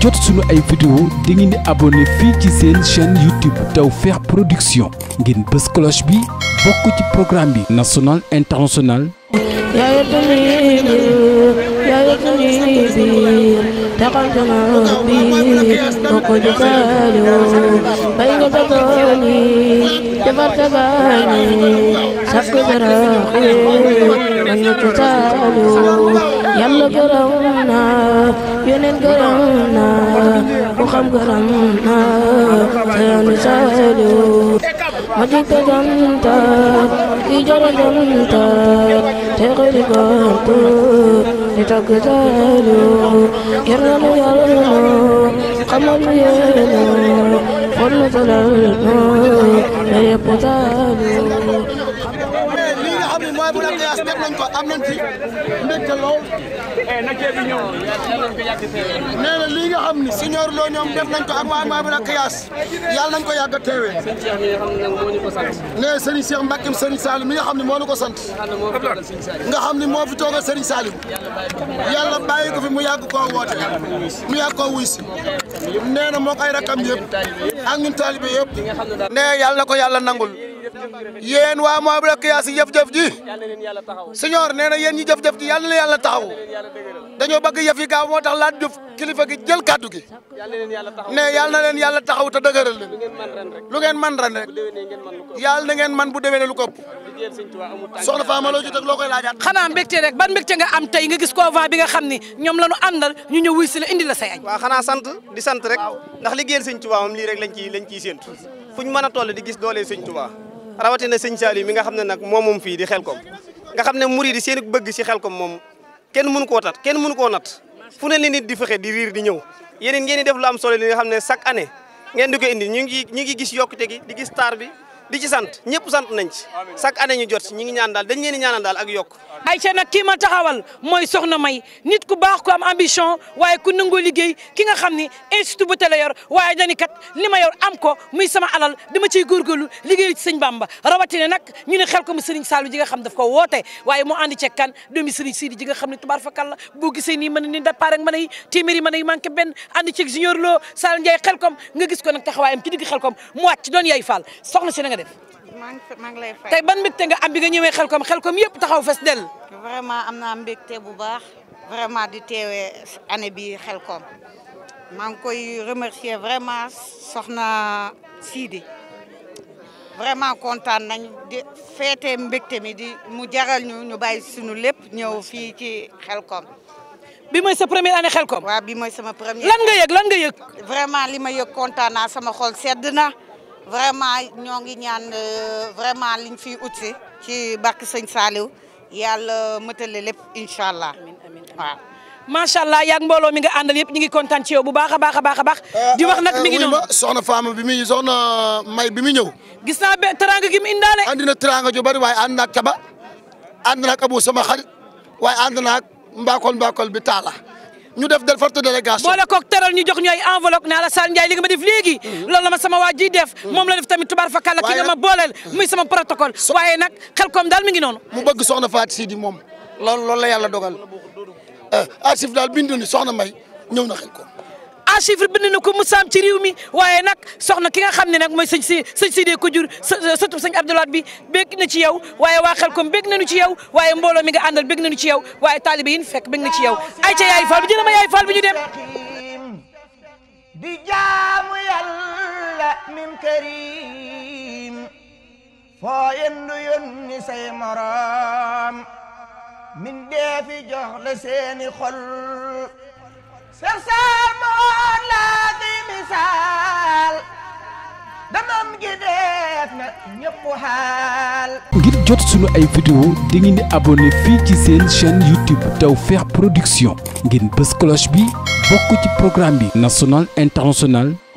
jot suñu ay vidéo da ngeen di abonné fii ci seen chaîne YouTube Tawfekh Production ngeen bës cloche bi bokk ci programme bi national international yaaya tuni biir yaaya tuni biir taxaw jamono bay nga dogooni defar tabaani sakku dara yàlla gërëm naa yeneen gërëm naa ku xam gërëm ma jikko janta i jara te xëri bantu ni tagg saaliw yaralu yaraloo xamalu yeenoo xollu salal noo me yeppu ni mooy bu la xiyaas teg nañ ko am nañ ci mbégte lool nee na lii nga xam ni seigneur loo ñoom def nañ ko ak waa mooy bu la xiyaas yàlla nañ ko yàgg a teewee nee Serigne Cheikh Mbacke Serigne Salim mi nga xam ne moo ñu ko sant nga xam ni moo fi toogal Serigne Salim yàlla bàyyi ko fi mu yàgg koo woote mu yàgg koo wuy si nee na moo koy rakam yëpp ak ñun taalibe yëpp nee yàlla na ko yàlla nangul yéen waa Mouhamadul Akyaasi si jëf-jëf ji siñoor nee na yéen ñi jëf-jëf ji yàlla na yàlla taxaw dañoo bëgg yëf yi gaaw moo tax laaj jëf kilifa gi jël kàddu gi ne yàlla na leen yàlla taxaw te dëgëral leen lu ngeen man ren rek yàlla na ngeen man bu déwénee lu kopp soxna Fama loo ci teg loo koy laajaat xanaa mbégte rek ban mbégte nga am tey nga gis convoi bi nga xam ni ñoom la ñu àndal ñu ñëw wuy la indi la say añ waaw xanaa sant di sant rek ndax liggéeyal sëñ Tuubaa moom a toll di gis doole sëñ rawatina sëñ Saliou mi nga xam ne nag moo moom fii di Xelkom nga xam ne murid yi seen bëgg si Xelkom moom kenn mun koo tat kenn mënu ko nat fu ne li nit di fexe di riir di ñëw yeneen ngeen di def lu am solo li nga xam ne chaque année ngeen di ko indi ñu ngi ñu ngi gis yokkute gi di gis taar bi di ci sant ñëpp sant nañ ci chaque année ñu jot ñi ngi ñaan daal dañ leen di ñaanal daal ak yokk ay ca nag kii ma taxawal mooy soxna may nit ku baax ku am ambition waaye ku nangoo liggéey ki nga xam ni institut bu télé yor waaye dañu kat li ma yor am ko muy sama alal dama ciy góorgóorlu liggéey ci sëñ Bamba rawatina nag ñu ne xel ko mu Serigne Saliou ji nga xam daf tubaar fakal la boo gisee nii mën ni départ ak mën ay téeméeri mën ay manqué ci digg def. maa ngi lay fay tey ban mbégte nga am bi nga ñëwee xelkom xelkom yëpp taxaw fes dell. vraiment am naa mbégte bu baax. vraiment di teewee année bi xelkom. maa ngi koy remercier vraiment soxna Sidi. vraiment kontaan nañ di feete mbégte mi di mu jaral ñu ñu bàyyi suñu lépp ñëw fii ci xelkom. bi mooy sa première année xelkom. waaw bi mooy sama première. lan nga yëg lan nga yëg. vraiment li ma yëg kontaan naa sama xol sedd na. vraiment ñoo ngi ñaan euh, vraiment liñ fiy utsi ci barke sëñ Saliou yàlla mëtale lépp incha allah macha allah yaag mbooloo mi ngi àndal yëpp ñu ngi kontaan ci yow bu baax a baax a baax a baax. Euh, di wax nag euh, mi ngi noonu soxna Fama bi muy soxna May bi muy ñëw. gis naa be teraanga gi mu indaale. andi na teraanga ju bari waaye ànd naag Kaba ànd sama xarit waaye ànd naag mbaakol mbaakol bi Talla. ñu def del forte délégation boole koog teral ñu jox ñu ay enveloppe ne Alassane Ndiaye li nga ma def léegi mm. loolu ma sama waa ji def mm. moom la def tamit tubaar fakal la ki nga ma booleel mm. muy sama protocole waaye nag xel koom daal mi ngi noonu mu bëgg soxna Fatou Sidi moom loolu loolu la yàlla dogal eh, asif daal bindu ni soxna May ñëw na xel koom à chiffre bind na ko mu saam ci réew mi waaye nag na ki nga xam ne nag mooy sëñ si sëñ Sidee ko jur sëtu sëñ Abdoulaat bi bég na ci yow waaye waa Xelkom bég nañu ci yow waaye mbooloo mi nga àndal bég nañu ci yow waaye taalibe yi ñu fekk bég na ci yow ay ca yaay faal bi jëlama ñu dem di jaamu yàlla min karim foo yendu yónni say morom min dee fi la seeni xol sersaal moon laa di misaal damam gi def na ñëpp xaal ngir jot sunu ay vidéo di ngeen di abonné fii ci seen chaîne YouTube Tawfekh Production ngeen bës cloche bi bokk ci programme bi national international